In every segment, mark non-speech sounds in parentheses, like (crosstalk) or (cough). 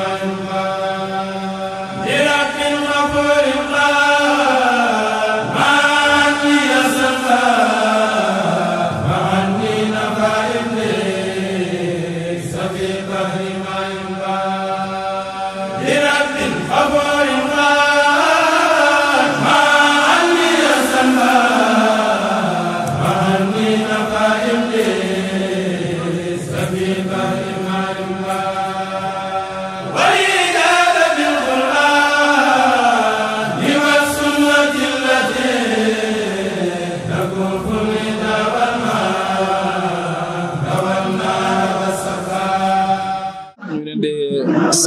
Allahu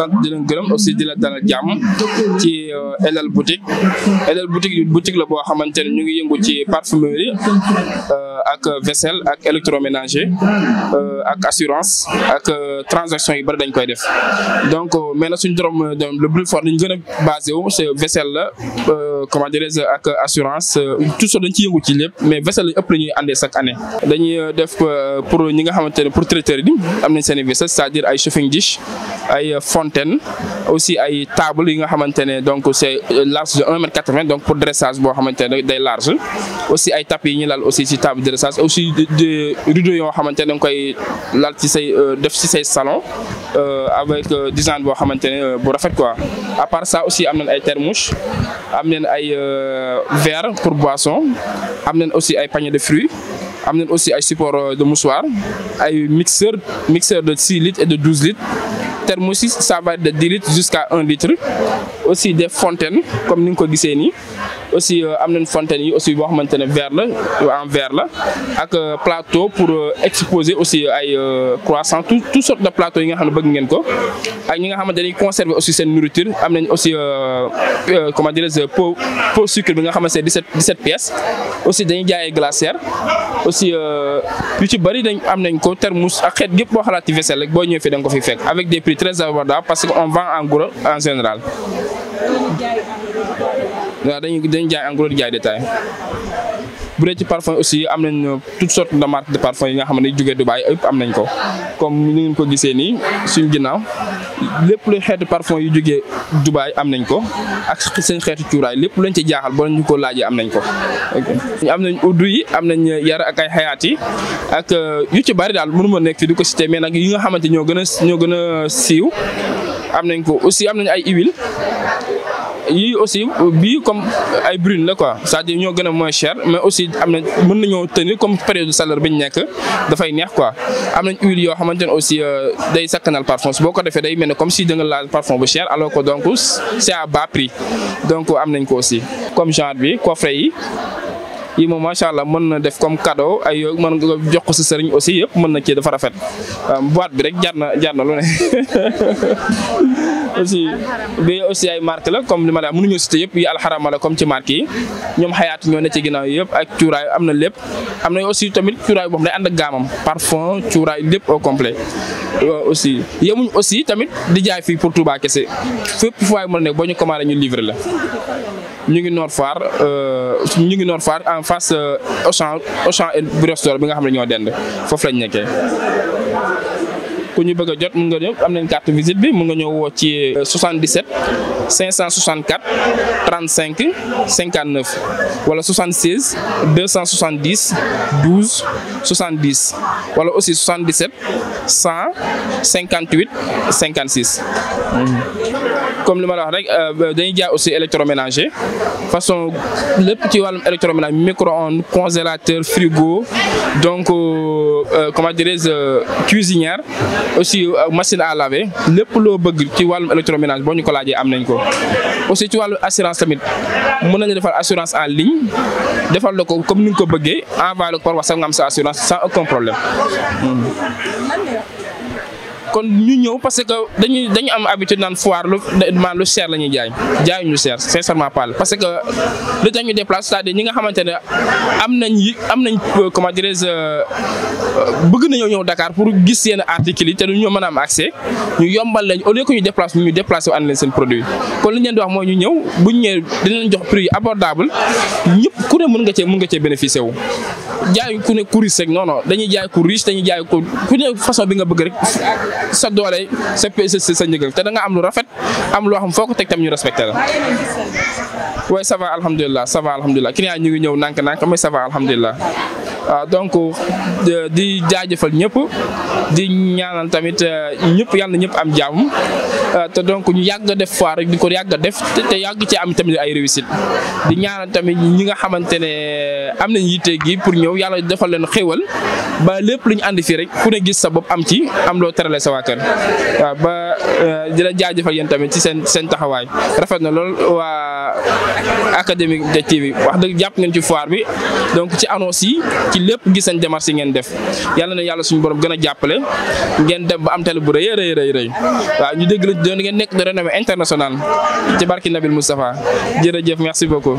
sant di leen gërëm aussi di la dalal jàmm ci euh, LL boutique LL boutique boutique la boo xamante ne ñu ngi yëngu ci parfumerie euh, ak vaisselle ak électroménager euh, ak assurance ak transaction yu bari dañ koy def donc mais na suñu dorom le plus fort dañ gën a basé wu c'est la comment dirais-je ak assurance tout ça dañ ci yëngu ci lépp mais vaisselle lañu ëpp la ñuy àndee chaque année dañuy def pour ñi nga xamante ne pour traiteurs yi am nañ seen i c'est-à-dire ay chafing dish ay font ten aussi ay table yi nga xamante ne donc c' est euh, large de 1 mètre 80 donc pour dressage boo xamante ne day large aussi ay tapis yi ñu laal aussi ci table dressage aussi de rideau yoo xamante ne nga koy laal ci say euh, def ci say salon euh, avec design boo xamante ne bu rafet quoi à part ça aussi am nañ ay termouche am nañ ay verre pour boisson am nañ aussi ay panier de fruits am nañ aussi ay support de moussoir ay mixeur mixeur de 6 litres et de 12 litres thermosis ça va de 10 litres jusqu'à 1 litre aussi des fontaines comme ni nga ko gisee nii aussi euh, am nañ fontaine yi aussi boo xamante ne ver la en ver la ak euh, plateau pour euh, exposer aussi ay croissant tout tout sorte de plateau yi nga xam ne bëgg ngeen ko ak ñi nga xamante ne dañuy conserver aussi seen nourriture am nañ aussi comment dirais-je pot pot sucre bi nga xamante ne 17 17 pièces aussi dañu jaayee glacière aussi yu ci bëri dañ am nañ ko termus ak xeet yëpp boo xalaat ci vaisselle rek boo ñëwee fii da ko fi fekk avec des prix très abordables parce que on vend en gros en général waa dañuy dañuy jaay en gros di jaay détail bu dee ci parfum aussi am nañ euh, toutes sortes de marques de parfum yi nga xam ne jógee Dubaï yëpp am nañ ko comme ni ngeen ko gisee nii suñu ginnaaw lépp luy xeetu parfum yu jógee Dubaï am nañ ko ak seen xeetu cuuraay lépp lañ ci jaaxal boo ñu ko laajee am nañ ko. am nañ uddu yi am nañ yar ak ay xayaat yi ak euh, yu ci bari daal mënu ma nekk fi di ko si mais nag yi nga xamante ñoo gën a ñoo gën a siiw am nañ ko aussi am nañ ay huiles. yii aussi bii comme ay brune la quoi cest à ñoo gën a moins cher mais aussi am na mën nañoo tenir comme période de salaire bi ñu nekk dafay neex quoi am nañ huile yoo xamante ne aussi euh, day sakkanal parfum boo ko defee day mel ne comme si da nga laal parfum bu cher alors ko donc c'est à bas prix donc am nañ ko aussi comme genre bi coffret yi yi moom macha allah mën na def comme cadeau ay yooyu mën nga jox ko sa sëriñ aussi yëpp mën na ci dafa rafet boîte bi rek jar na jar na ne (laughs) aussi bi aussi ay marque la comme li ma la mënuñu cité yëpp yi comme ci marque yi ñoom xayaatu ñoo ne ci ginnaaw yëpp ak cuuraay am na lépp am na aussi tamit cuuraay boo xam day ànd ak gaamam parfum cuuraay lépp au complet aussi yemuñ aussi tamit di jaay fii pour Touba kese fépp fu waay mën a nekk boo ñu commandé ñu livrer la ñu ngi Nord Foire euh, ñu ngi Nord Foire en face euh, Auchan Auchan et Bristol bi nga xam ne ñoo dend foofu lañ nekkee. ku ñu bëgg a jot mun nga ñëw am nañ carte visite bi mun nga ñëw woo ci 77 564 35 59 wala 76 270 12 70 wala aussi 77 158 56. comme li ma la rek euh, dañuy jaar aussi électroménager façon lépp ci wàllum électroménager micro-ondes congélateur frigo donc euh, euh, comment dirais-je cuisinière aussi machine à laver lépp loo bëgg ci wàllum électroménager boo ñu ko laajee am nañ ko. aussi ci wàllu assurance tamit mën nañu defal assurance en ligne defal la ko comme ni nga ko bëggee envoyé la ko par sa assurance sans aucun problème. Hmm. kon ñu ñëw parce que dañuy dañu am habitude naan foire lu man lu cher la ñuy jaay jaayuñu lu cher sincèrement parle parce que li tax ñu déplace c'est-à-dire ñi nga xamante ne am nañ am nañ euh, comment dirais-je euh, euh, bëgg nañoo ñëw Dakar pour gis seen articles yi te du ñu mën am accès ñu yombal lañ au lieu que ñu déplacé ñu déplacé wu ànd leen seen produit kon li ñu di wax mooy ñu ñëw buñ ñëwee dinañ jox prix abordable ñëpp ku ne mën nga cee mën nga cee bénéficier wu jaay ku ne ku riche rek non dañuy jaay ku riche dañuy jaay ku ku ne façon bi nga bëgg rek sa doole sa sa sa njëgal te danga am lu rafet am loo xam foo ko teg tam ñu respecté la. oui ça va alhamdulilah ça va alhamdulilah ñu ngi ñëw nànk-nànk mais ça va ah, donc di jaajëfal ñëpp di ñaanal tamit euh, ñëpp yàlla ñëpp am jàmm ah, te donc ñu yàgg def fois rek di ko yàgg def te yàgg ci am tamit ay réussite di ñaanal tamit ñi nga xamante ne am nañ yitte gi pour ñëw yàlla defal leen xéwal ba lépp lu ñu ànd fii rek ku ne gis sa bopp am ci am loo terale sa waa ah, ba euh, di la jaajëfal yéen tamit ci seen seen taxawaay rafet na lool waa académique de TV wax dëgg jàpp ngeen ci foire bi donc ci annonce yi ci lépp gis nañ démarche yi ngeen def yàlla na yàlla suñu borom gën a jàppale ngeen dem ba am tele bu rëy rëy rëy rëy waaw ñu dégg la doon ngeen nekk de renommée internationale ci barki Nabil Moustapha jërëjëf merci beaucoup